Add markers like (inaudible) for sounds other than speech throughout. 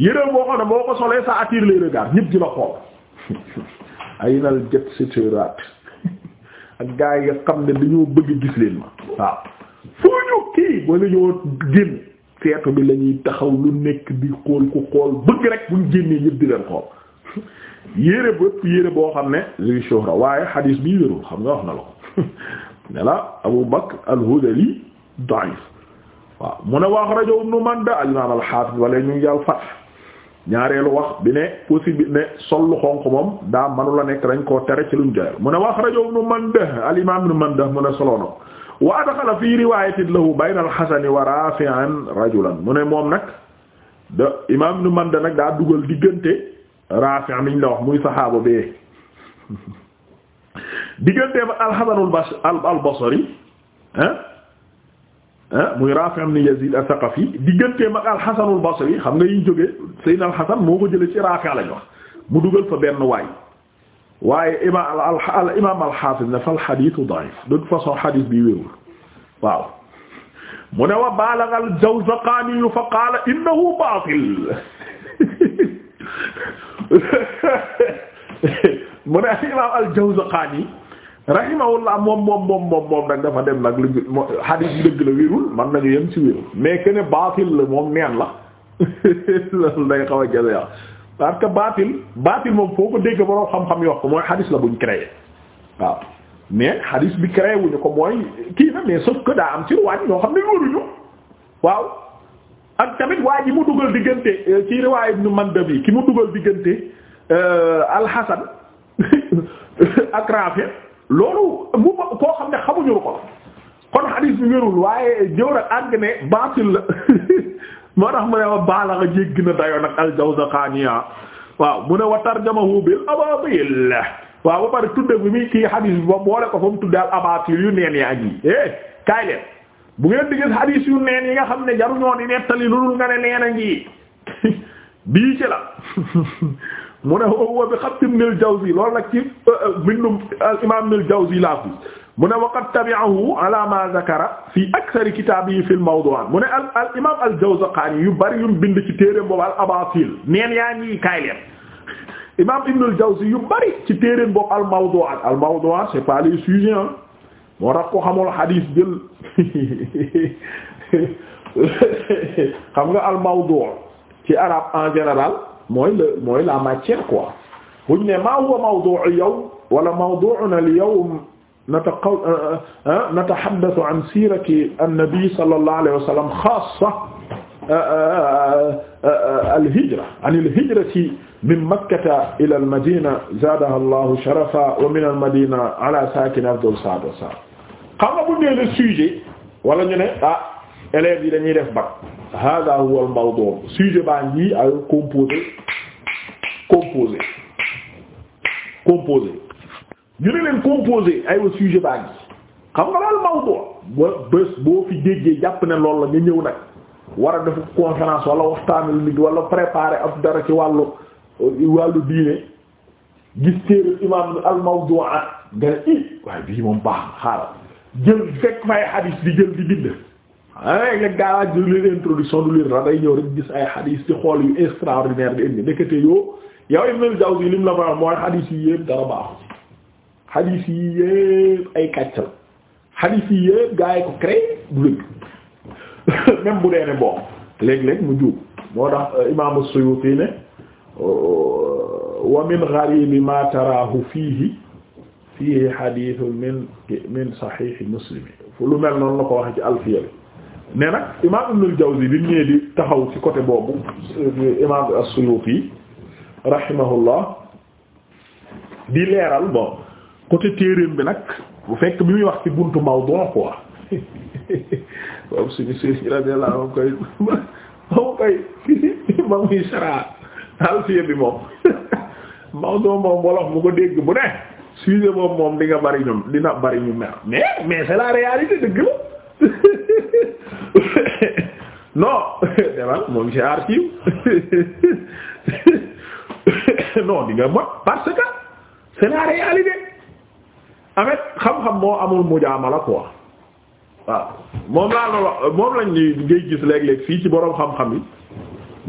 yëréw boo xam ne boo ko solee ça attire les regards ñëpp di la xool (laughs) ay nal jët sitrat (laughs) ak gars yi nga xam ne dañoo bëgg gis leen ma waaw foo ñu kii ba dañoo bi la taxaw lu nekk di xool ku xool bëgg rek buñ génnee ñëpp di leen xool (laughs) yére bëpp yére boo xam ne li shuhra waaye xadiis bi wérul xam nga wax na la ko ne la Abu Bakr al-Hudali da'if waaw mu ne wax rajo Ibn Manda al-imam wala ñu ngi fat ñaareelu wax bi ne possible ne sol lu xonq moom daa manu la nekk dañ koo tere ci luñ joyal mu ne wax rajo ibn Mandah al imam ibn Mandah mu ne soloona wa adxala fii riwayatin lahu bayna al-Hasan wa Rafi'an rajulan mu ne moom nag da imam man Mandah nag daa dugal diggante Rafi' miñ la wax muy saxaaba bee (laughs) diggante ba al-Hasan al Ah muy Rafi' ibn Yazid as-Saqafi digganteem ak al-Hasan al-Basri xam nga yiñ jógee Seydina al-Hasan moo ko jëlee ci Rafi' la ñu mu dugal fa benn waay waaye imaam al imaam al-Hafiz ne fa al-hadith da'if de toute façon bi wéewul waaw mu ne wa balagha al-Jawzaqani fa qala innahu batil (laughs) mu ne imaam al-Jawzaqani rahimahullah moom moom moom moom moom nag dafa dem nag lu hadith bi dëgg la wérul man nañu yem ci wérul mais que ne baatil la moom neen la (laughs) loolu day xaw a jël yàq ah. parce que baatil baatil moom foo ko dégg boroom xam-xam yokk mooy hadith la buñ créé waaw mais hadith bi créé wuñu ko mooy kii na mais sauf que am ci riwaay ñoo xam ne wóoruñu waaw ak tamit waa ji mu dugal diggante euh, ci riwaay Ibn Mandabi ki mu dugal diggante euh, Al Hasan (laughs) ak Rafi' loolu mu koo xam ne xamuñu lu ko kon hadis bi wérul waaye jëw nag àgg ne baatil la (laughs) moo tax ma ne wa baalaxa jéggi na dayoo nag al ah. waaw mu ne wa tarjamahu bil abaatil waaw ba pare tudde bi muy kii hadis bi ba ko fa mu tudde al abaatil yu neen yaa ngi eh bu ngeen di gis yu neen yi nga xam ne jaruñoo di nettali lu dul nga ne neen a ngi (laughs) bii ci la (laughs) mu ne huwa bi xatti ibn al-Jawzi loolu nag ci euh, euh, mbindum al-imam ibn al-Jawzi laa fi mu ne wa qad tabi'ahu ala ma zakara fi akthar kitaabihi fi al-mawdu'aat mu ne al al imam al-Jawzaqaani yu bari yu mu bind ci téereem boobu al-Abaatil neen yaa ngi kaay leen (laughs) imam ibn al-Jawzi yu bari ci téereem boobu al-mawdu'aat al-mawdu'aat c'est pas les sujets ah moo tax ko xamul hadith jël (laughs) xam nga al-mawdu' ci arabe en général. mooy la mooy la matière quoi bu ñu ne maa huwa mawdu'u yow wala mawdu'una al-yawm nataqa euh, euh, natahaddathu an sirati an-nabi sallallahu alayhi wa sallam xaassa euh, al-hijra an al-hijrati min makkata ila al-madina zaadaha Allahu sharafa wa min al-madina ala saakiniha afdalu salaatu wa salaam xam nga bu ñu nee le sujet wala ñu ne ah. élèves yi dañuy def bac hada huwa al mawdu' sujet baa ay composé composé composé ñu ne leen composé ay wa sujet baa ngi xam nga daal mawdu' ba bés boo fi déggee jàpp ne lool la nga ñëw nag war a def conférence wala waxtaanal nit wala préparer ab dara ci wàllu wàllu diine gis téere imam al mawdu'at nga i waaye bii moom baax xaaral jël fekk fay hadith di jël di bind léeg-léeg gaa du leen introduction du leen ra day ñëw rek gis ay xadiis ci xool yu extraordinaire di indi ndekete yoo yow Ibn al-Jawzi lim la ma mooy xadiis yi yépp dara baaxu ci xadiis yi yépp ay kàcc la xadiis yi yépp gaa yi ko créé du lépp (laughs) même bu dee ne bon léeg-léeg mu juub moo tax euh, imaamu Suyuti ne euh, wa min gharibi ma taraahu fiihi fiihi xadiisun min min saxiixi Muslim fu lu mel noonu la ko wax ci alfiya ne nag imaam Ibnul Jawzi bi mu ñëwee di taxaw ci côté boobu euh, imaam as-Suyuti rahimahullah di leeral bon côté téereem bi nag bu fekk bi muy wax ci buntu mawdu quoi boobu (laughs) moom koy ma muy sara alfiya bi moom (laughs) mawdu moom wolof bu ko dégg bu ne sujet moom moom di nga bari ñu dina bari ñu mer mais mais c'est la réalité dëgg la mu ngi ci archive (laughs) non nga mot parce que c'est la réalité avec xam-xam moo amul mujaamala quoi waaw moom laa la moom lañ ni ngay gis léeg-léeg fii ci boroom xam-xam yi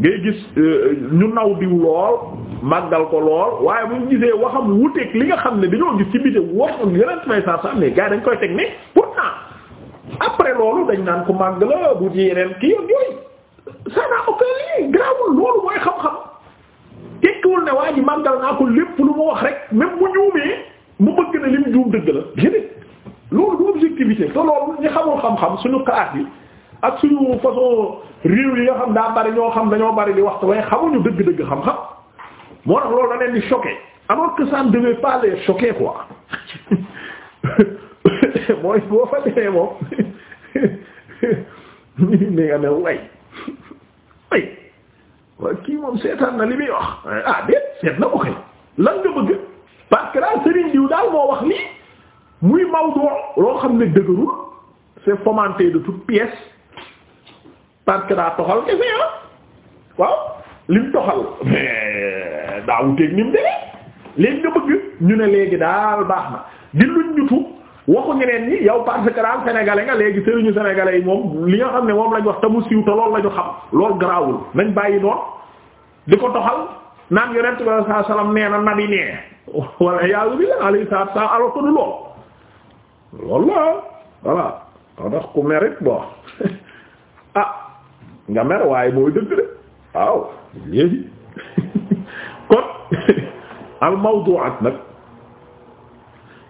ngay gis euh, ñu naw diw lool màggal ko lool waaye bu ñu gisee waxam wuteeg li nga xam ne dañoo gis ci biti wax yeneen may saa saa mais gars dañ koy teg ne pourtant après loolu dañ naan ko màgg la bu ci yeneen kii yooyu. ça n'a aucun lien grawul loolu mooy xam-xam tekkiwul ne waa ji màggal naa ko lépp lu ma wax rek même mu ñuumee mu bëgg ne li mu dëgg la déedéet loolu du objectivité te loolu ñi xamul xam-xam suñu xalaat yi ak suñu façon réew yi nga xam daa bari ñoo xam dañoo bari di waxtu waaye xamuñu dëgg-dëgg xam-xam moo tax loolu da di choquer alors que ça ne devait pas quoi (laughs) mooy boo fa moom ni (laughs) nga ne way ay waaw kii moom seetaan na li muy wax ah déet seet na ko kay lan nga bëgg parce que daal Serigne diw daal moo wax lii muy mawdu loo xam ne dëgërul c'est fomenté de toutes pièces parce daa toxal kese ah waaw lim toxal mais daa wuteeg ni mu demee léegi nga bëgg ñu ne léegi daal baax na di luñ ñutu waxu ñeneen ñi yow parce que nga léegi sëriñu sénégalais yi moom li nga xam ne moom lañ wax te mu siiw te lool la xam loolu garaawul nañ bàyyi noonu di ko toxal naan yonent bi sallallahu alayhi wasallam nee na nabi nee wala yàlla bi alayhi salaatu du lool loolu la voilà wax ku mer it (laughs) ah nga mer waaye mooy dëgg de waaw léegi (laughs) kon (laughs) al nag.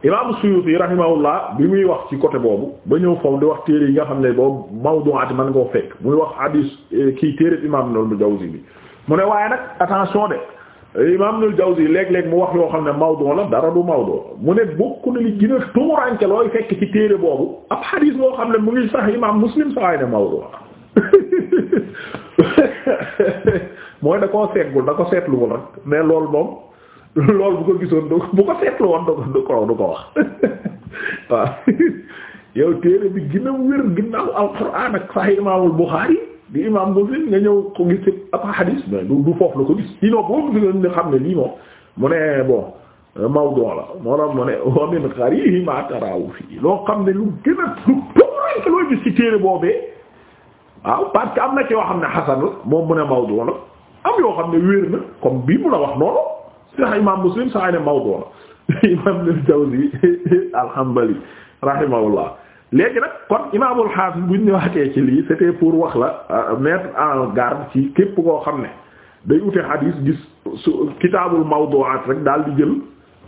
imam Suyuti rahimahullah bi muy wax ci côté boobu ba ñëw foofu di wax téere yi nga xam ne boobu mawdu'at man ngoo fekk muy wax hadis eh, kii téere imam Ibnul Jawzi bi mu ne waaye nag attention de imam Ibnul Jawzi léeg-léeg mu wax yoo xam ne mawdu' la dara du mawdu' mu ne bokk na li gën a tumuranke looy fekk ci téere boobu ab hadis boo xam ne mu ngi sax imam Muslim sawaay ne mawdu' la (laughs) mooy da koo seetgul da ko seetluwul rek mais loolu moom loolu bu ko gisoon do bu ko seetlu woon do du ko du ko wax waaw yow téere bi gëna wér ginnaaw alquran ak sahih imaamul Bukhari di imam Muslim nga ñëw ko gis ab hadis du foofu la ko gis sinon boobu gisoon nga xam ne lii moom mu ne bon mawdu la moo tax mu ne wa min gharihi ma fii loo xam ne lu gën a lu tóoranke loo gis ci téere boobee waaw parce am na ci yoo xam ne xasan la moom mu ne mawdu la am yoo xam ne wér na comme bii mu la wax noonu sax imam Muslim sax ne mawdu la imam Ibn Jawzi al-Hanbali rahimahullah léegi nag kon imaamul xaafis buñ ñëwaatee ci lii c'était pour wax la euh, mettre en garde ci képp koo xam ne day ute xadiis gis su kitaabul mawdu'aat rek daal di jël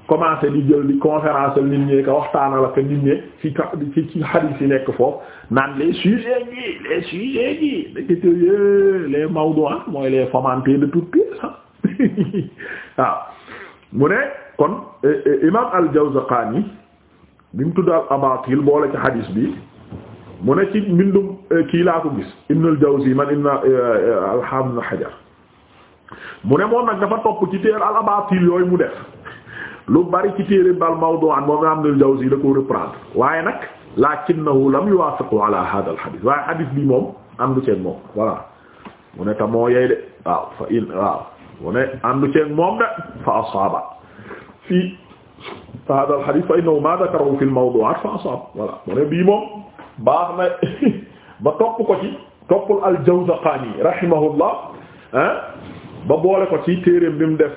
commencé di jël di conférence nit ñee ko waxtaanal ak nit ñee ci ci xadiis yi nekk foofu naan les sujets gi les sujets gi dëkk ci les mawdu'aat mooy les fomentés de toutes pièces waaw (laughs) ah. mu ne kon e, e, imam al-Jawzaqaani bi mu tudd al-Abaatil boole ci xadiis bi mu ne ci mbindum e, kii laa ko gis Ibn al-Jawzi man ibn al-Hafiz Hajar mu ne moom nag dafa topp ci téere al-Abaatil yooyu mu def (laughs) lu bari ci téere bal mawdu'an moom Ibn al-Jawzi da ko reprendre waaye nag lakinnahu lam yuwaafiqu ala al-hadith bi moom am du moom voilà mu ne ta moo de waaw fa in waaw mu ne àndu ceeg moom de fa asaaba fii hada al hadith fa innahu ma dhakarahu fi al mawdu'at fa asaaba bii moom baax na (laughs) ba topp ko ci toppul al Jawzaqaani rahimahullah ba boole ko ci téereem bi mu def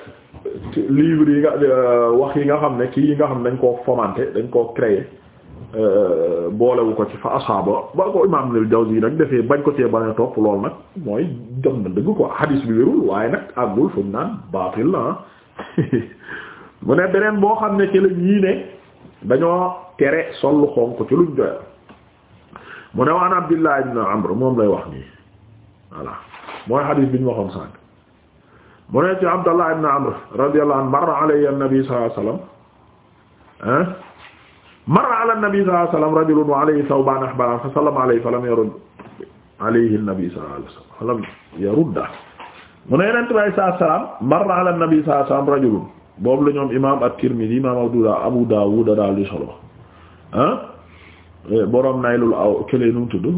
livre yi nga euh, wax yi nga xam ne kii yi nga xam ne dañ koo fomenté dañ koo créé Euh, boolewu ko ci fa asaaba ba ko imaam Ibnul Jawzi nag defee bañ ko cee bañ topp lool nag mooy jom na dëgg ko xadiis bi wérul waaye nag àggul fu mu naan baatil ah. (laughs) mu ne beneen boo xam ne ci la ñii ne dañoo tere sol xonq ci luñ doyal mu ne waan Abdullah ibn Amr moom lay wax nii voilà mooy xadiis bi ñu waxoon sànq mu ne ci Abdullah ibn Amr radiyallahu anhu marra alayhi an-nabi sallallahu marra ala nabi sallallahu alayhi wa sallam rajulun wa alayhi thawban ahbaran fa sallama alayhi fa lam yarud alayhi nabi sallallahu alayhi wa sallam fa lam yarudda mu ne yonent bi alayhi salaatu wa salaam marra ala nabi sallallahu alayhi wa sallam rajulun boobu la ñoom imaam at-Tirmidhi imaam Abu Dawud daal di solo ah eh, borom Naylul aw kële nu mu tudd eh,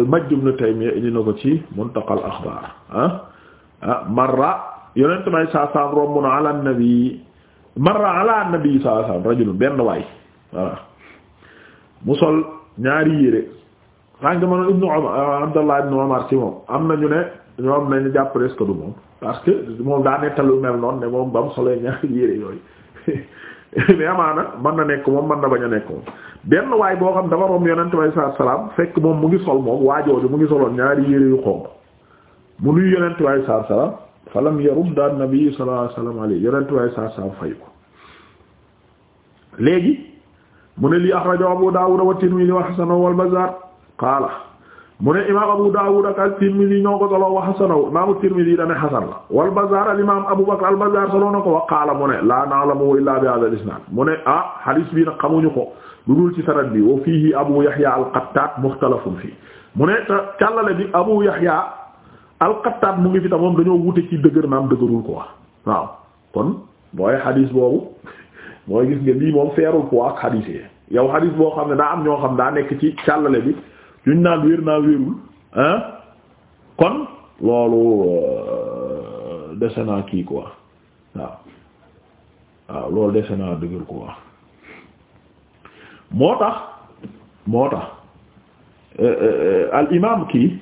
al-Majd ibn Taymiyya indi na ko ci Muntaqal Akhbar ah ah marra yonent bi alayhi salaatu wa salaam romb na ala nabi marra ala nabi sallallahu alayhi wasallam rajulun benn waay voilà mu sol ñaari yére sànq ma ne ibnu Umar euh, Abdallah ibnu Umar ci moom am na ñu ne ñoo am nañu jàpp presque du moom parce que moom daa nettali mel noonu ne moom ba mu solee ñaari (laughs) yére yooyu (laughs) mais amaana mën na nekk moom mën na bañ a nekk benn waay boo xam dafa romb yonent bi saa salaam fekk moom mu ngi sol moom waajooju mu ngi soloon ñaari yére yu xonq mu nuyu yonent bi saa salaam. falam yarudda an-nabi sallallahu alayhi wasallam alayhi yonentu waaye saa saam fay ko léegi mu ne li axrajahu Abu Dawud wa Tirmidhi wa hasanahu wal Bazzar qaala mu ne imaam Abu Dawud ak at-Tirmidhi ñoo ko solo wa hasanahu imaam at-Tirmidhi dane hasan la wal Bazzar al imaam Abu Bakr al Bazzar solo na ko wa qaala mu ne laa na'lamu illaa bi hadha al-isnad mu ne ah hadis bi nag xamuñu ko lu dul ci sanad bi wa fiihi Abu Yahya al-Qattat mukhtalafun fii mu ne te càllale bi Abu Yahya alxattaab mu ngi fi tamoom dañoo wute ci dëgër naam dëgërul ko wax waaw kon mooy xadiis boobu (laughs) mooy gis nga lii moom feerul ko ak xadiis yow xadiis boo xam ne daa am ñoo xam daa nekk ci càllale bi yuñ naan wér naa wérul kon loolu euh, dese naa kii quoi waaw waaw loolu dese naa dëgër quoi moo tax moo tax euh, euh, al imaam kii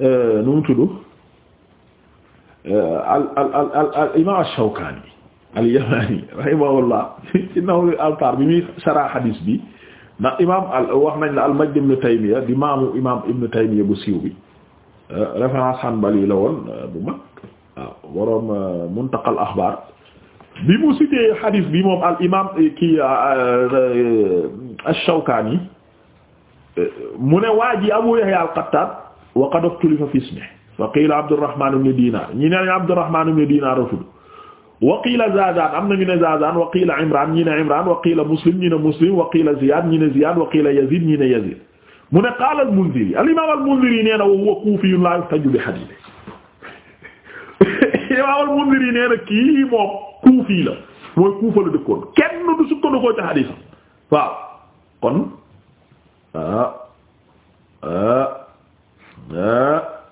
Euh, nu mu tudd euh, al al al al imaam ash-Shawkaani al-Yamaani rahimahullah (laughs) ci Nawl al-Awtaar bi muy sarah hadis bi ndax imaam al wax nañ la al-Majd ibn Taymiyya di maamu imaam ibn Taymiyya bu siiw bi euh, référence Hanbali la woon bu mag waaw waroom Muntaqa al-Axbaar bi mu cité hadis bi moom al imaam kii ash-Shawkaani mu ne waa ji Abu Yahya al-Qattaan wa qad uktulifa fi ismi fa qiila Abdurrahman ibn Dinar ñi ne Abdurrahman ibn Dinar la tudd wa qiila Zazan am na ñu ne Zazan wa qiila Imran ñi ne Imran wa qiila Muslim ñi ne Muslim wa qiila Ziyad ñi ne Ziyad wa qiila Yazid ñi ne Yazid mu ne qaala al-Mundhiri al-imam al-Mundhiri nee na wa huwa kuufiyyun laa yuhtaju bi hadiisihi imam al-Mundhiri nee na kii moom kuufi la mooy Kuufa la dëkkoon kenn du sukkandikoo ci hadiisam waaw kon ah ah Ah.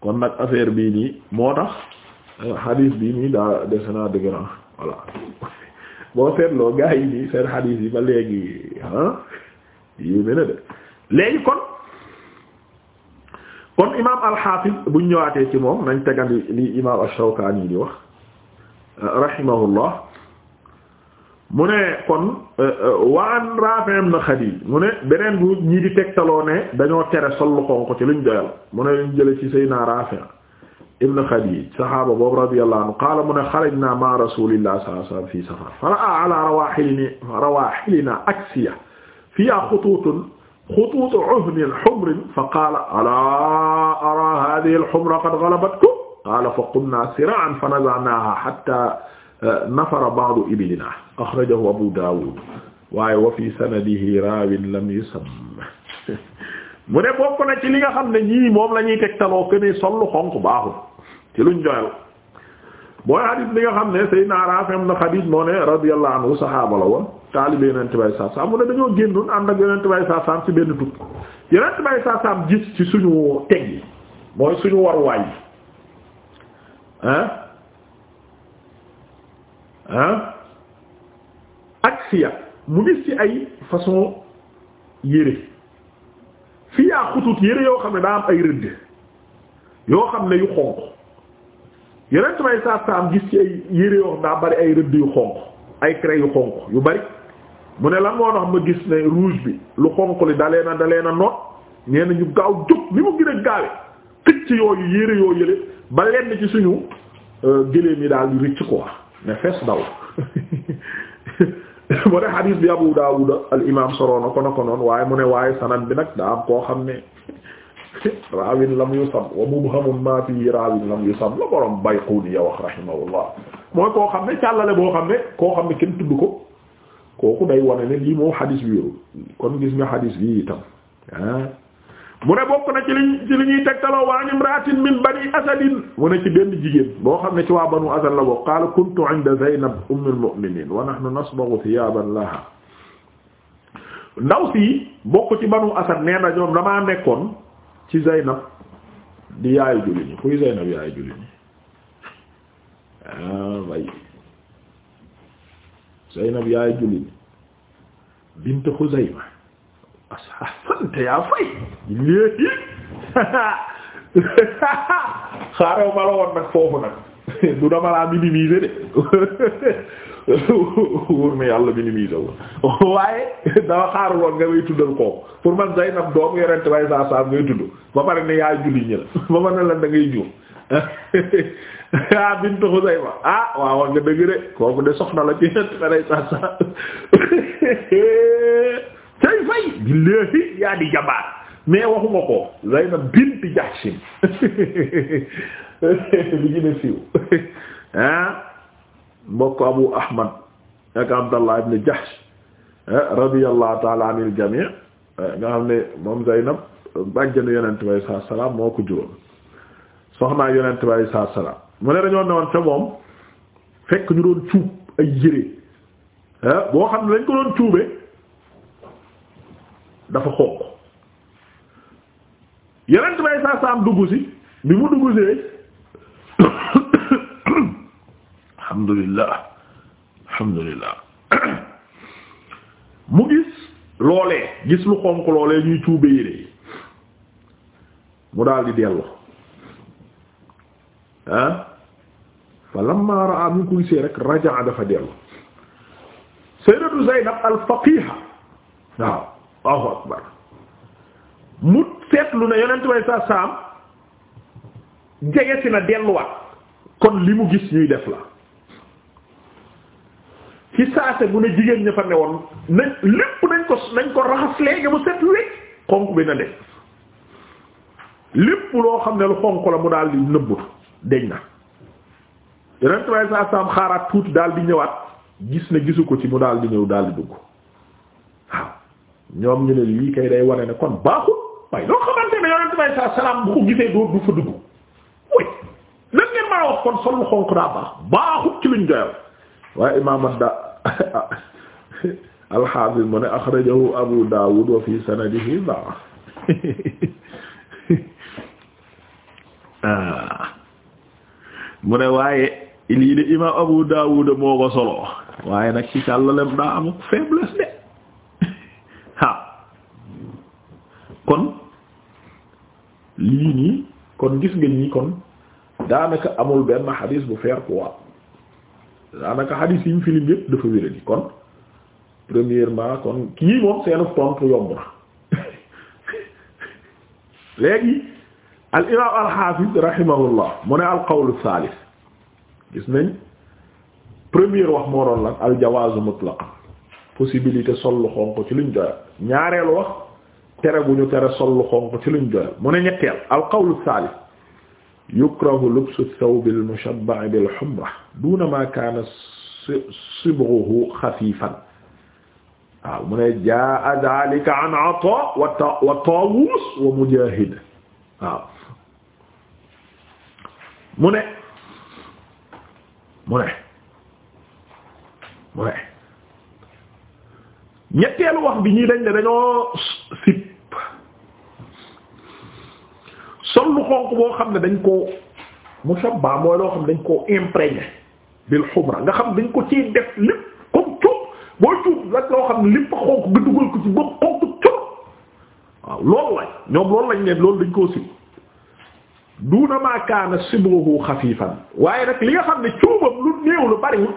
kon nag affaire bii nii moo tax ah, hadith bii nii daa dese naa dëgëran ah, voilà (laughs) boo seetloo gaa yi nii seen hadith yi ba léegi ah yéeme na de léegi kon kon imaam al buñ ñëwaatee ci moom nañ tegandi li imaam al-Shawkani di wax rahimahullah mu ne kon euh, euh, waan Rafi' ibn Khadij mu ne beneen bu ñii di tegtaloo ne dañoo tere sol lu xonq ci luñ doyal mu ne luñ jële ci Seydina Rafi' ibn Khadij saxaaba boobu radiyallahu anhu qaala mu ne xarajnaa ma'a rasuulillahi sallallahu alayhi wasallam fii safar fa ra'a ala rawaahilina rawaahilinaa aksiya fiihaa xutuutun xutuutu uhnin humrin fa qaala alaa araa haadhihi al-humra qad ghalabatkum qaala fa qumnaa siraa'an fa naza'naahaa hattaa nafara ba'du iblina akhrajahu Abu Dawud waaye wa fi sanadihi raawin lam yusam mu ne bokk na ci li nga xam ne ñii moom lañuy ñuy tegtaloo que ni sollu xonq baaxul ci luñ joyal mooy hadith bi nga xam ne Seydina Raafi ibn Khadij moo ne radiyallahu anhu saxaaba la woon taalibe yonent bay saasaam mu ne dañoo génnoon ànd ak yonent bay saasaam ci benn tukki yonent bay saasaam gis ci suñu teg yi mooy suñu waruwaay yi ah. ak siya mu gis ci ay façon yére fiyaa xutut yére yoo xam ne daa am ay rëdd yoo xam ne yu xonq yeneen may saa saa am gis ci ay yére yoo xam bari ay rëdd yu xonq ay craie yu xonq yu bari mu ne lan moo tax ma gis ne rouge bi lu xonq li dalee na dalee na noot nee na gaaw jóg ni mu gën gaawe xëcc yooyu yére yoo yële ba lenn ci suñu euh, gëléem yi daal di rëcc quoi. ne fees daw (laughs) mu ne xadiis bi Abu Daawud al imaam soroon na ko na ko waaye mu ne waaye sanad bi nag daa am koo xam ne (laughs) raawin lam yusab wa mubhamun ma fi raawin lam yusab la borom Bayquni ya wax rahimahullah mooy koo xam ne càllale boo xam ne koo xam ne kenn tudd ko kooku day wane ne lii moom xadiis bi kon gis nga xadiis bi itam ah mu ne bokk na ci li ci li ñuy tegtaloo waa imraatin min bani asadin mu ne ci benn jigéen boo xam ne ci waa banu asad la bokk qaala kuntu inda zaynab ummul mu'minin wa nahnu nasbaghu thiyaban laha ndaw si bokk ci banu asad nee nekkoon ci zaynab di yaayu julli ñi kuy zaynab yaayu julli ñi ah bay zaynab yaayu asante yaa fay léegi xaaral ma la woon nag foofu nag (laughs) du dama laa minimiser de (laughs) wóor na yàlla minimiser wu (laughs) waaye dama xaaral woon nga may tuddal kooku pour man Zaynab doomu yorente bay saa saa ngay tudd ba pare ne yaa julli ñi ba ma ne la da ngay juum ah bintu Xuzayma ah waaw wax nga dëgg de kooku de soxna la ci yorente bay saa saa. tey fay billahi yaa di jabaat mais waxuma ko Zaynab bint Jahshin li (laughs) gën a siiw (laughs) ah mbokk Abu Ahmad ak Abdallah ibn Jahsh ah, radiyallahu ta'ala anil jami' ah, nga xam ne moom Zaynab bàjjanu yonent bi alayhi salaatu salaam moo ko juróon soxnaa yonent bi alayhi salaam mu ne dañoo newoon ca moom fekk ñu doon cuub ay yére ah, boo xam ne dañ ko doon cuube dafa xonq yeneen bay saa saam dugg si bi mu dugg see (coughs) alhamdulillah alhamdulillah (coughs) mu gis loolee gis lu xonq loolee ñuy cuube yére yi mu daal di dellu ah fa lamma raa mu ko gisee rek rajaa dafa dellu sayyidatu Zaynab al faqiha waaw Allahu akbar mu seetlu ne yonent bay sa saam jege si na delluwaat kon li mu gis ñuy def la ci saase bu ne jigéen ña fa ne woon nañ lépp nañ ko nañ ko raxas léegi mu set bi na de lépp loo xam ne lu xonq la mu daal di nëbbut deñ na yonent bay saam xaaraat tuuti daal di ñëwaat gis ne gisu ko ci mu daal di ñëw daal di dugg ñoom ñu ne lii kay day wane ne kon baaxul waaye loo xamante ne yonent bay bu ko gisee doo du fa dugg oui lan (laughs) mu ne axrajahu (laughs) ne waaye lii de imaam abu daawud moo ko solo waaye nag ci càllalem daa amuk faiblesse kon lii nii kon gis nga ñi kon daanaka amul benn xadis bu faire quoi daanaka xadis yi ñu filim yëpp dafa wéradi kon premièrement kon kii moom seenu tontu yomb na (laughs) léegi al imaam al xaafis rahimahullah mu ne al qawlu saalis gis nañ première wax moo doon lan al jawaazu mutlaq possibilité sol lu xonq ci luñ doyal ñaareelu wax tere bu ñu tere sol lu xonq ci luñ doyal mu ne ñetteel alqawlu thalith yukrahu lubsu thawb al mushabba' bil humra duna ma kaana sibghuhu khafifan waaw mu ne jaa dhalika an ata wa tawus wa mujahid waaw mu ne mu ne mu ne ñetteelu wax bi ñii dañ ne dañoo sol lu xonq boo xam ne dañ koo mushabba mooy loo xam ne dañ koo imprégné bil xumra nga xam dañ ko ciy def lépp comme cuub boo cuub loo xam ne lépp ko ci boobu xonq cuub waaw loolu lañ ñoom loolu lañ ne loolu dañ koo si duna ma kaana sibruhu xafifan waaye nag li nga xam ne cuubam lu néew lu bariwul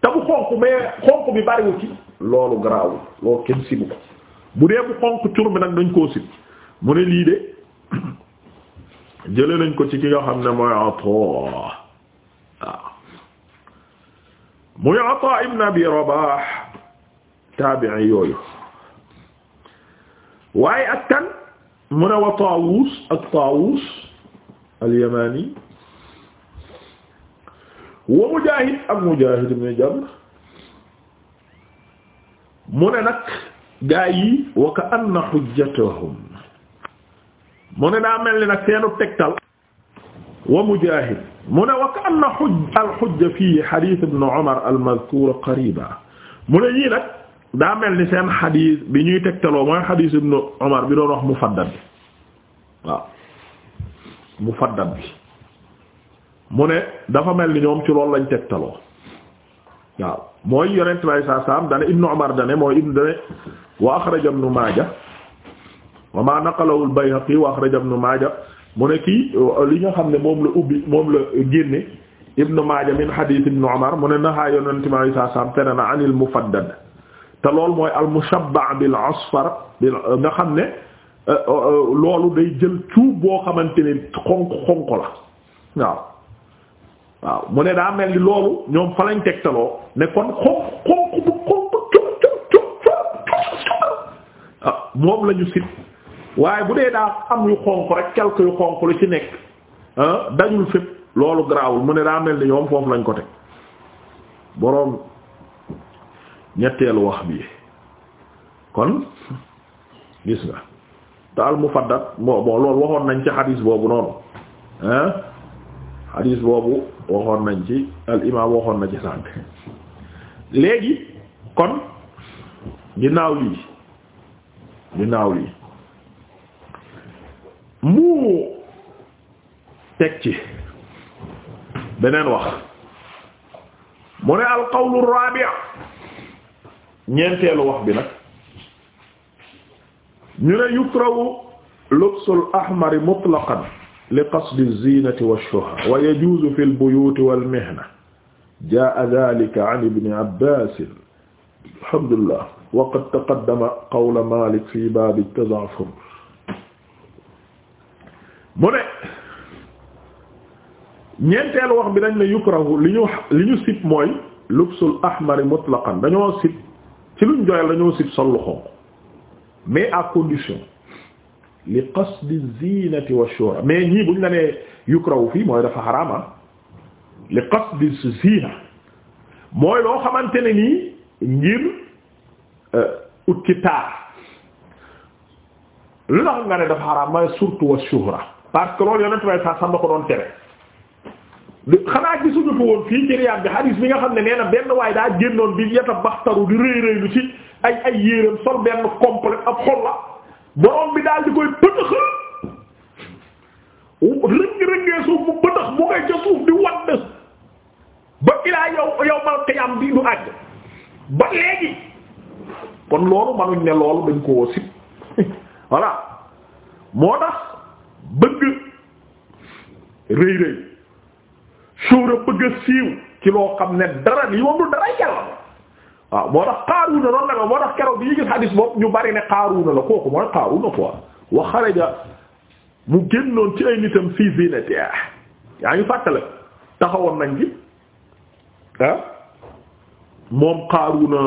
te bu xonq mais xonq bi bariwul ci loolu garaawul loolu kenn sibu bu dee bu xonq cuur nag dañ koo sib mu ne lii de jële nañ ko ci ki nga xam ne mooy Ata waaw muy Ata ibn Abi Rabah taabi'i yooyu waaye ak kan mu ne wa Taawus ak Taawus al-Yamani wa Mujaahid ak Mujaahid ibn Jabr mu ne nag gaa yi wa ka anna hujjatahum mu ne daa mel ni nag seenu tegtal wa Mujaahid mu ne wa kaana hujja al-hujja fii hadith ibn Umar al-mazkur qariba mu ne yii nag daa mel ni seen hadith bi ñuy tegtaloo mooy hadith ibn Umar bi doon wax mufaddal bi bi mu ne dafa mel ni ñoom ci loolu lañ tegtaloo mooy yonent bi sallallahu alayhi wasallam dane ibn Umar mooy ibn dane wa axraja ibn Maaja wa ma naqalahu al-Bayhaqi wa akhraja Ibn Maaja mu ne kii li nga xam ne moom la ubbi moom la génne Ibn Maaja min hadith Ibn Umar mu ne nahaa yonente mi alei saa salaam tere na mufaddad te loolu mooy al-mushabba' bil asfar bi nga xam ne loolu day jël cuub boo xamante ne xonq xonq la waaw waaw mu ne daa mel ni loolu ñoom fa lañ tegtaloo ne kon xonq xonq bu xonq cub cub cub cub moom lañu sit waaye bu dee daa am yu xonq rek quelque yu xonq lu ci nekk ah, dajul fépp loolu garaawul mu ne daa mel ni ñoom foofu lañ ko teg boroom ñetteelu wax bi kon gis nga taal mufaddat moo bon loolu waxoon nañ ci xadiis boobu noonu ah xadiis boobu waxoon nañ ci al imaam waxoon na ci sànq léegi kon ginnaaw lii ginnaaw lii mu teg ci beneen wax mu ne al qawlu rabi' ñeenteelu wax bi nag ñu ne yukrahu lubsul ahmari mutlaqan li qasdi az-zinati wash-shuhra wa yajuzu fi al-buyut wal-mihna jaa'a dhalika 'an ibn 'abbas alhamdulillah wa qad taqaddama qawlu malik fi bab at-tadhafur mu ne ñeenteelu wax bi dañ ne yukrahu li ñu li ñu sib mooy lubsul ahmari mutlaqan dañoo sib ci luñ joyal dañoo sib sol lu xonq mais à condition li qasdi zinati wa shura mais ñii buñ la nee yukrahu fii mooy dafa xaraama ah li qasdi zina mooy loo xamante ne nii ngir euh, ut ci taar lu tax nga ne dafa xaraam mooy surtout wa shuhra parce que loolu yonent way sa ko doon tere xanaa gisuñu ko woon fii ci bi hadis bi nga xam ne nee na benn waay daa génnoon bi yata baxtaru di rëy rëylu ci ay ay yéeram sol benn complet ab xol la borom bi daal di koy pëtëxal rëng-rëngee suuf mu pëtëx mu ngay ca suuf di wadd ba ilaa yow yow mal qiyam bi du àgg ba léegi kon loolu manuñ ne lool dañ koo sib (laughs) voilà moo tax bëgg rëy rëy suura bëgg a siiw ci loo xam ne dara li moom du dara yàlla waaw moo tax Qaaruuna noonu la moo tax keroog bi ñu gis hadis boobu ñu bari ne Qaaruuna la kooku mooy Qaaruuna quoi wa xaraja mu génnoon ci ay nitam fii zinati yaa ngi fàttale taxawoon nañ gi ah, moom Qaaruuna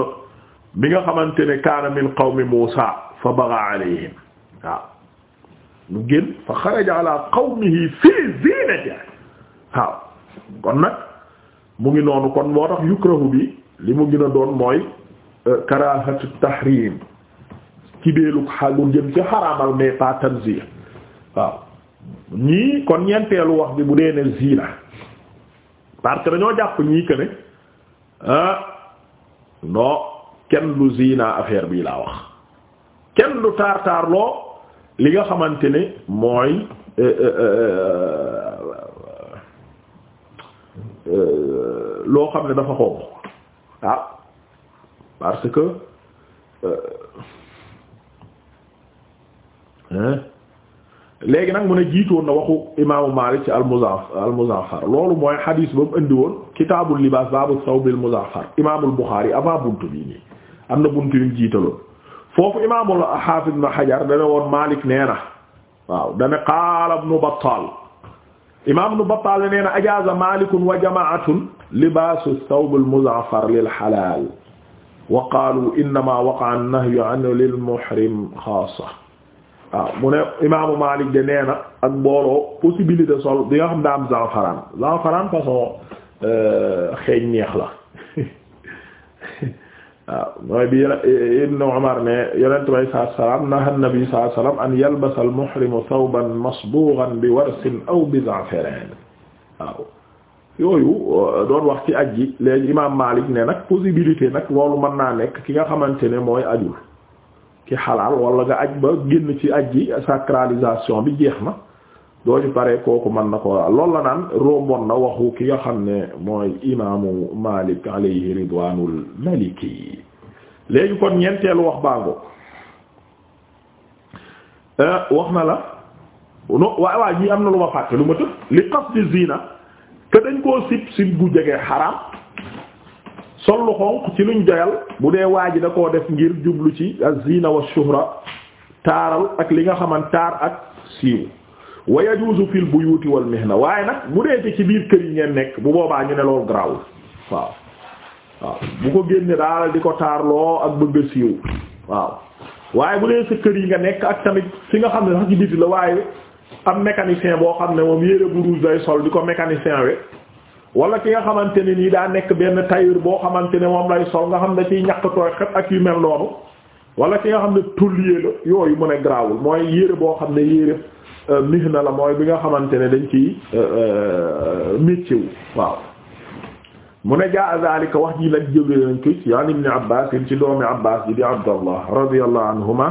bi nga xamante ne kaana min qawmi Muusaa fa bagaa alayhim waaw mu génn fa xaraja qawmihi fi zinati waaw kon nag mu ngi noonu kon moo tax yukrahu bi li mu gën doon mooy euh, karahatu tahrim ci beelu xagul jëm ci xaraamal mais pas waaw ñii kon ñeenteelu wax bi bu dee ne zina parce que dañoo jàpp ñii que ne ah, kenn du zina affaire bii laa wax kenn du taar taarloo li nga xamante ne mooy euh, euh, euh, loo xam ne dafa xonq ah, parce que léegi nag mun a jiitoon na waxu imaamu Maalik ci al-Muzaffar al-Muzaffar loolu mooy xadiis ba mu indi woon kitaabul libaas baabu sawbil Muzaffar imaamul Buxaari avant buntu bii nii am na buntu yu mu jiitaloon foofu imaamul xaafis ibn Hajar dana woon Maalik nee na waaw dana qaala ibn Battaal imaam ibn Battaal nee na ajaaza Maalikun wa jamaatun libaasu thawb al-muz'afar lil halaal wa qaalu innamaa waqa'a an-nahyu anhu lil muhrim xaassa waaw mu ne imaamu Maalik de nee na ak mbooloo possibilité sol bi nga xam ne am zanfaraan zanfaraan façon euh, xeeñ neex la waaw mooy bi Ibn Umar ne yonent bay saa salaam naha nabi saa salaam an yalbasa al muhrimu thawban masbughan bi yooyu uh, doon wax ci aj ji léegi imaam Maalik ne nag possibilité nag loolu mën naa nekk ki nga xamante ne mooy ajul ki xalaal wala nga aj ba génn ci aj ji sacralisation bi jeex na doo ci pare kooku na ko loolu la naan rombon na waxu ki nga xam ne mooy imaamu Malik alayhi ridwanul maliki léegi kon ñeenteelu wax bango euh, wax na la no waaw waaw am na lu ma fàtte lu ma tëb li qasdi zina te dañ koo sib sib gu jege xaraam sol lu xonq ci luñ joyal bu dee waa ji da koo def ngir jublu ci ak zina wa shuhra taaral ak li nga xaman taar ak siiw wa yajuzu fil buyuti wal na waaye nag bu dee ci biir kër yi ngeen nekk bu boobaa ñu ne loolu garaawul waaw waaw bu ko génne daal di ko taarloo ak bëgg a siiw waaw waaye bu dee sa kër yi nga nekk ak tamit fi nga xam ne sax ci biti la waaye am mécanicien boo xam ne moom yére bu rouge day sol di ko mécanicien we wala ki nga xamante ne nii daa nekk benn tailleur boo xamante ne moom lay sol nga xam ne ciy ñàkk tooy xet ak yu mel noonu wala ki nga xam ne tôlier la yooyu mu ne garaawul mooy boo xam ne yére Euh, mihna la mooy bi nga xamante ne dañ ci euh, euh, métier wu mu ne jaa zalika wax ji nag jële nañ ko ci an ibn Abbas ci doomi Abbas ji di Abdallah radiyallahu anhuma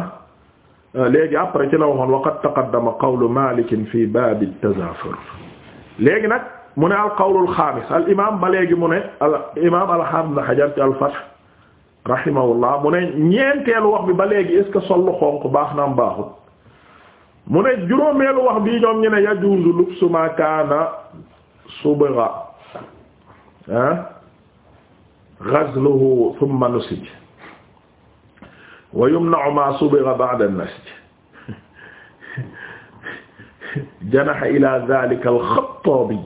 léegi après ci la waxoon wa qad taqaddama qawlu Malik fi bab at-tazafur léegi nag mu ne al qawlu al xaamis al imam ba léegi mu ne al imam al hafiz ibn al Fath rahimahullah mu ne ñeenteelu wax bi ba léegi est ce que sollu xonq baax na am baaxut mu ne juróomeelu wax bii ñoom ñu ne yajuuzu lubsu ma kaana subgha ah ghazluhu thumma nusij wa yumna'u ma subgha ba'da an-nasj janaha ila dhalika al-Khattabi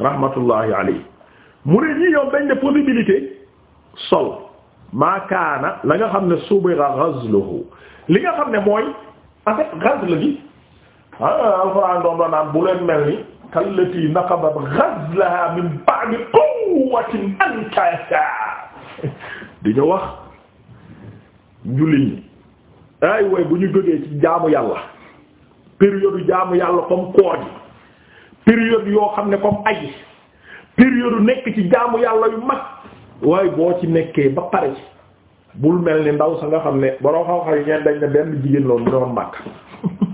rahmatullahi alayhi mu ne ñii yow dañ ne possibilité sol maakaana la nga xam ne subgha ghazluhu li nga xam ne mooy en fait la gi ah, alxuraan doom bu leen mel ni kallati naqabat ghazlaha min ba'di quwwatin ankasa di ñu wax njulli ñi ay way bu ñu jógee ci jaamu yàlla période jaamu yàlla comme koor gi yoo xam ne comme aji période nekk ci jaamu yàlla yu mag waaye boo ci nekkee ba pare bul mel ni ndaw sa nga xam ne baroo xaw-xaw yi ñeen dañ ne benn jigéen loolu doon màkk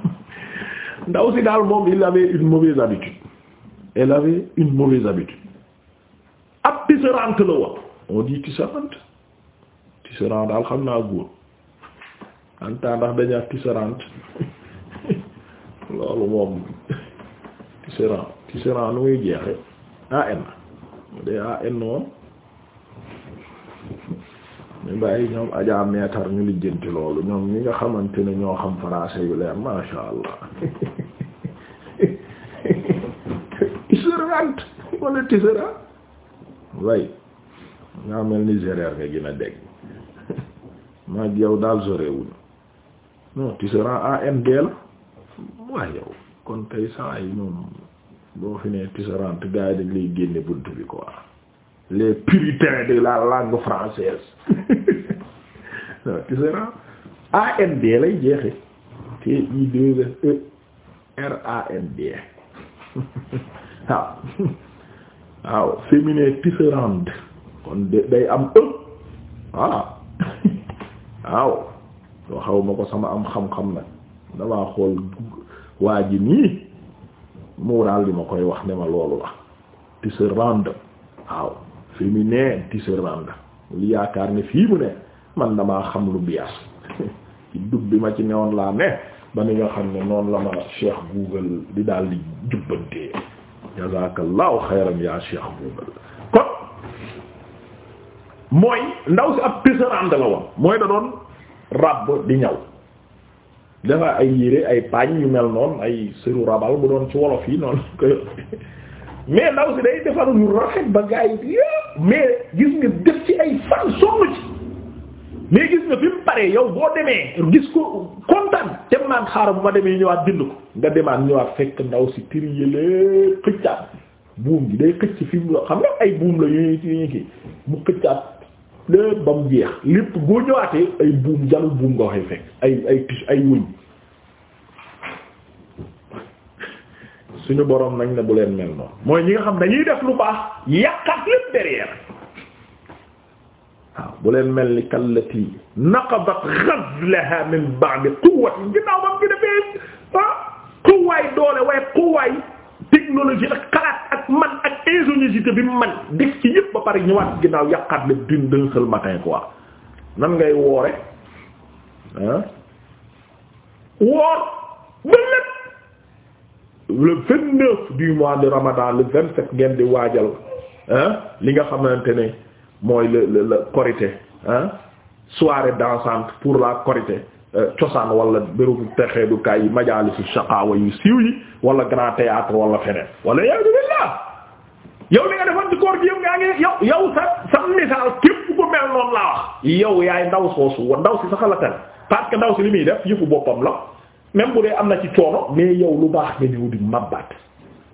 (laughs) ndaw si daal moom il avait une mauvaise habitude elle avait une mauvaise habitude ab tisserante la woon on dit tisserante tisserante daal xam naa góor en temps ndax dañu ak tisserante (laughs) loolu moom tisserant tisserant nu muy jeexe an n de an moom ñu bàyyi ñoom ajaa meetar ñu lijjanti loolu ñoom ñi nga xamante ne ñoo xam français yu leer masha allah tisserand (laughs) wala tisserand way nga mel ni gérer nga gën a dégg (laughs) maa daal sorewuñu non tisserand AMD la waa yow kon tey saa moom boo fi ne tisserand gaa yi génne bunt bi quoi les puritains de la langue française (laughs) tu seras AND lay jeexe t e r a n d (laughs) waaw waaw tisserand kon day am ëpp e. voilà (laughs) waaw loo ko sama am xam-xam nag damaa xool waa ji nii mu daal di ma koy wax ne ma loolu la tisserand waaw fi tisserand li yaakaar ne fii mu ne man damaa xam lu bias ci dub bi ma ci newoon laa ne ba ni ñoo xam ne noonu la ma cheikh google di daal di jubbantee jazakallahu xayran yaa cheikh google kon mooy ndaw si ab tisserand la woon mooy da doon ràbb di ñaw dafa ay yére ay paañ yu mel noonu ay sëru rabal bu doon ci wolof yi noonu koy mais ndaw si day defaru lu rafet ba gaa yi mais gis nga def ci ay fan sonn ci mais gis nga fi mu paree yow boo demee gis ko kontaan te man xaaral bu ma demee ñëwaat bind ko nga demaat ñëwaat fekk ndaw si tëri yëlee xëccaat buum gi day xëcc fi mu xam nga ay buum la yu ñu kii mu xëccaat lépp ba mu jeex lépp goo ñëwaatee ay buum jalu buum nga waxee fekk ay ay tis suñu borom nañ ne bu leen mel noonu mooy ñi nga xam dañuy def lu baax yàqat lépp derrière waaw bu leen mel ni kallati naqadat ghazlaha baax ba'di quwwatin ginnaaw bam gi defee ah doole waaye quwaay technologie ak xalaat ak man ak ingéniosité bi man def ci yëpp ba pare ñëwaat ginnaaw yàqat lépp d'une d'un seul matin quoi nan ngay woore ah? woor ba lépp le vingt neuf du mois de ramadan le vingt ngeen di waajal li nga xamante ne mooy le le le korité soirée dansante pour la korité euh, cosaan wala bérébu texeedu kaay yi majaalisu shaqaawa yu siiw yi wala grand théâtre wala feneen wala yaa li nga defoon ci koor gi yow ngaa ngi yow yow sa sa misaal képp ku mel noonu laa wax yow yaay ndaw soosu wa ndaw si sa xalatal parce que ndaw si li muy def yëfu boppam la même bu dee am na ci coono mais yow lu baax nga ñëw di mabbat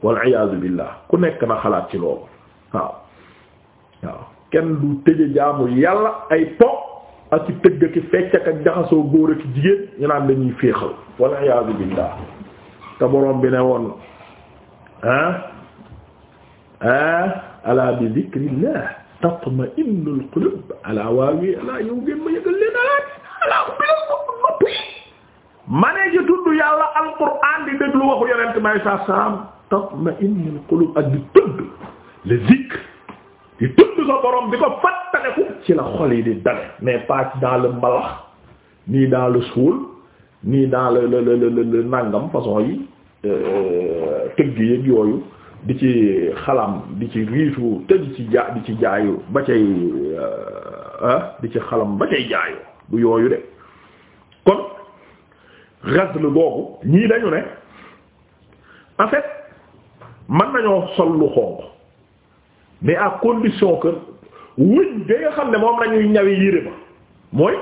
wal iyaazu billah ku nekk na xalaat ci loolu waaw waaw kenn du tëje jaamu yàlla ay po ak i tëgg ak fecc ak jaxasoo góor ak jigéen ñu naan dañuy féexal wal iyaazu billah te borom bi ne woon ah ah ala bi zikrillah tatma'innul qulub ala waawi ala yow ngeen ma yëgal leen alaat ala ubbi la nopp yi manee ji tudd yàlla alquran di déglu waxu yonent may sa salaam tatma'innul qulub ak di tudd le zikr di tudd sa borom di ko fàttaleku ci la xol yi di dale mais pas dans le mbalax nii dans le suul nii dans le le le le façon yi euh, tëgg yëg yooyu di ci xalam di ci riitu te di ci jaa ci jaayu ba cay euh, ah, di ci xalam ba cay jaayu du yooyu de kon ghazl googu ñii dañu ne en fait mën nañoo sol lu xonq mais à condition que wuñ bi xam ne moom lañuy ñawe yére ba mooy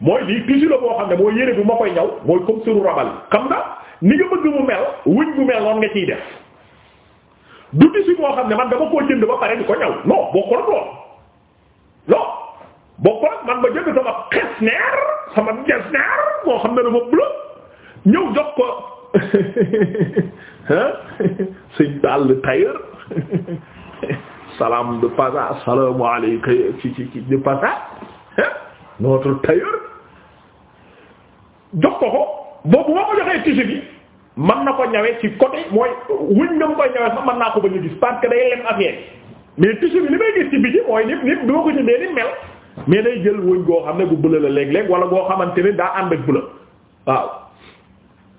mooy lii tissu boo xam ne mooy yére bu ma koy ñaw mooy comme sëru rabal xam nga ni nga bëgg mu mel wuñ bu mel noonu nga ciy def du tissu boo xam ne man dama koo jënd ba pare di ko ñaw non boo ko doon non boo man ba jënd sama xesneer sama gesneer boo xam ne dafa bleu ñëw jox ko ah (laughs) (laughs) sëñ dàll tailleur (laughs) salaam de passage salaamu alayka ci ci ci de passage notre tailleur jox ko ko boobu moo ko joxee tissu bi man na ko ñawee ci côté mooy wuñ nga mu koy ñawee sax mën naa ko bañ a gis parce que day lem affaire mais tissu bi li may gis ci biti mooy nit nit doo ko jëndee ni mel mais day jël wuñ goo xam ne bu bëla la léeg-léeg wala goo xamante ni daa ànd ak bëla waaw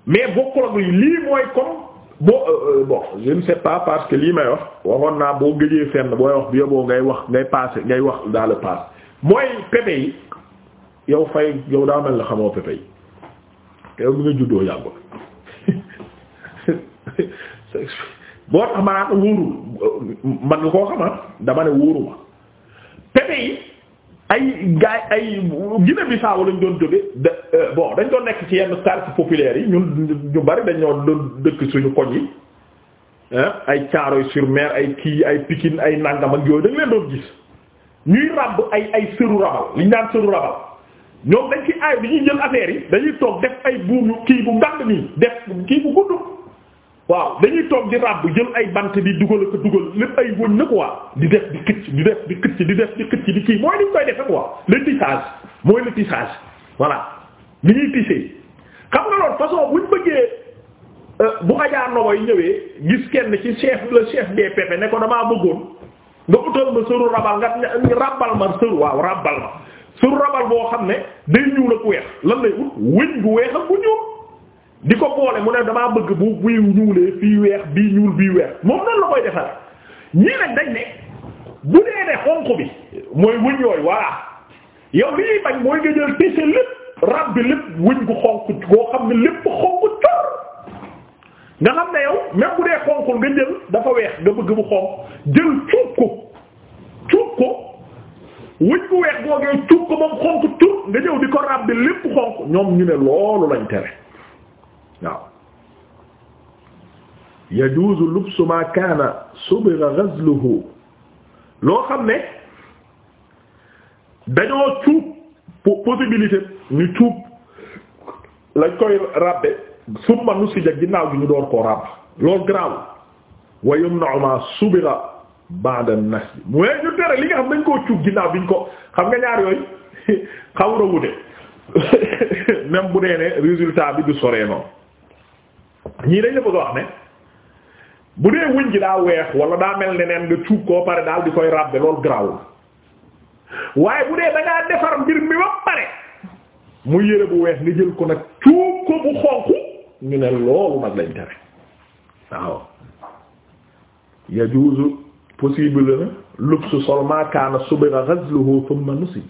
mais bokkul ak lii mooy comme boo euh, bon je ne sais pas lii may wax waxoon naa boo gëjee fenn booy wax bi yoboo ngay wax ngay passé ngay wax daal le passé mooy pepe yi yow fay yow daa mel na xamoo pepe yi yow (laughs) boo tax ma naan wóorul man koo xama ah, dama ne wóoruma pepe yi ay gaay ay bi Bissau lañ doon jóge de euh, bon dañ doon nekk ci yenn quartiers populaires yi ñun ñu bari dañoo doon dëkk suñu koñ yi ay Thiaroye-sur-Mer ay kii ay Pikine ay nangam ak yooyu dañ leen doon gis ñuy ràbb ay ay sëru rabal liñ naan sëru rabal ñoom dañ ci aay bi ñuy jël affaire yi dañuy toog def ay buum kii bu ngand nii def kii bu gudd waaw dañuy toog di ràbb jël ay bant di dugal ko dugal lépp ay wëñ na quoi di def di xëcc di def di xëcc di def di xëcc di kii mooy liñ koy defe quoi le tissage mooy le tissage voilà li ñuy tissé xam nga loolu façon buñ bëggee euh, bu ajaa noboy ñëwee gis kenn ci chef le chef des pépé ne ko damaa bëggoon nga utal ma sëru rabal nga rabal ma sëru waaw rabal ma sëru rabal boo xam ne day ñuul ak weex lan lay ut wëñ bu weex ak bu ñuul di ko boole mu ne damaa bëgg bu bii ñuulee fii weex bii ñuul bii weex moom noonu la koy defare ñii nag dañ ne bu dee ne xonq bi mooy wëñ yooyu waa yow li ñuy bañ mooy nga jël pêche lépp rab bi lépp wëñ gu xonq goo xam ne lépp xonq cor nga xam ne yow même bu dee xonqul nga jël dafa weex nga bëgg bu xonq jël cuub ko ko wëñ gu weex googee cuub ko moom xonq tur nga ñëw di ko rab bi lépp xonq ñoom ñu ne loolu lañ tere waaw yajuuzu lubsu ma kaana subiga ghazluhu loo xam ne dañoo cuub possibilité ñu cuub lañ koy ràbbe summa nusija ginnaaw gi ñu door koo ràbb loolu garaaw wa yumna'u ma subiga ba'da nasj mooy ñu tere li nga xam dañ koo cuub ginnaaw biñ ko xam nga ñaar yooyu (laughs) xawra wute (laughs) même bu dee résultat bi du soree noonu ñii dañ la bëgg wax ne bu dee wëñ ji daa weex wala daa mel ne neen nga cuub koo pare daal di koy ràbbe loolu garaawul waaye bu dee da defar mbir mi ba pare mu yére bu weex nga jël ko nag cuub ko bu xonq ñu ne loolu nag lañ tere waaw yajuzu possible na lubsu sol ma kaana subira ghazluhu thumma nusij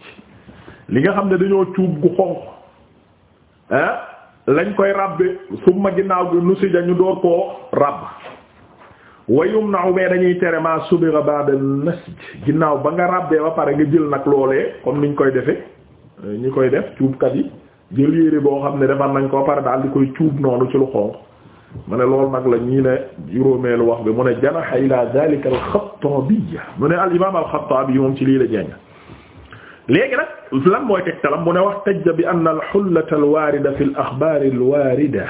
li nga xam ne dañoo cuub gu xonq ah lañ koy rabbe summa ginnaaw bi nusi dañu door koo rabb wayum na mais dañuy tere ma subira ba'da nasj ginnaaw ba nga ràbbee ba pare nga jël nag loolee kon niñ koy defe eh, ñi koy def cuubkat yi jël yére boo xam ne defar nañ ko pare daal di koy cuub noonu ci lu xonq mu ne loolu nag la ñii ne juróomeelu wax bi mu ne janaxa ila dalika al-Xattaabi mu ne al imam al-Xattaabi moom ci lii la jeng léegi nag lan mooy tegtalam mu ne wax tajja bi anna al-hullata al-waarida fi al-axbaar al-waarida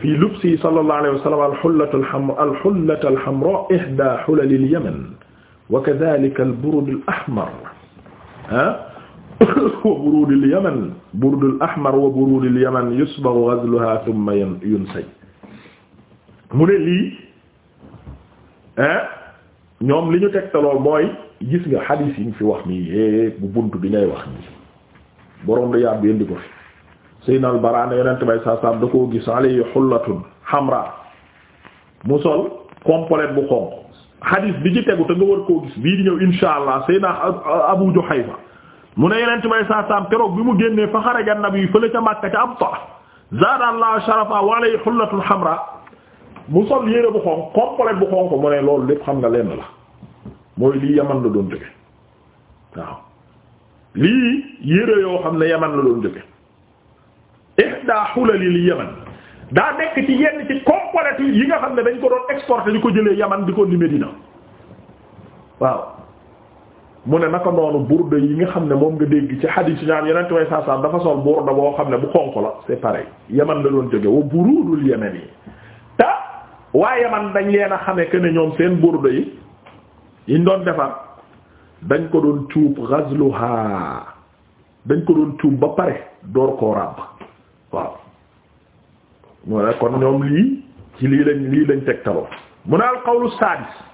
fi lubsi sallallahu alayhi wa sallam al-hullata al-hamraa al-hullata al-hamraa ihdaa hulali al-yaman wa kadhaalika al-burud al-ahmar ah wa burud al-yaman burud al-ahmar wa burud al-yaman yusbaghu ghazluhaa thumma yunsaj mu ne lii ah ñoom li ñu tegtalool mooy. gis nga xadiis yi ñu fi wax nii é bu bunt bi ngay wax nii borom da yàbbi indi ko fi Seydina al Bara ne yonent bay saa da koo gis alayhi xullatun xamra mu sol complet bu xonq bi ci te nga war koo gis bii allah Seydina Abu Juhayfa mu ne yonent bay saa bi mu génnee fa xaraja nabi fële ca Makka ca wa alayhi xamra mu sol yére bu xonq complet bu xonq mu ne loolu lépp xam nga lenn la mooy lii yaman la doon jóge waaw lii yére yoo xam ne yaman la doon jóge ihda xulalil yaman daa nekk ci yenn ci yi nga xam ne dañ ko doon export di ko jëlee yaman di ko ni Medina waaw mu ne naka noonu burda yi nga xam ne moom nga dégg ci hadith ñaan yeneen way saa saa dafa sol burda boo xam ne bu xonq la c'est pareil yaman la doon jóge wa burudul yaman yi te waa yaman dañ leen a xame que ne ñoom seen burda yi yiñ doon defar dañ ko doon cuub ghazluha dañ ko doon cuub ba pare door koo ràbb waaw moo ne kon ñoom lii ci lii lañ lii lañ teg taloo mu ne al qawlu sadis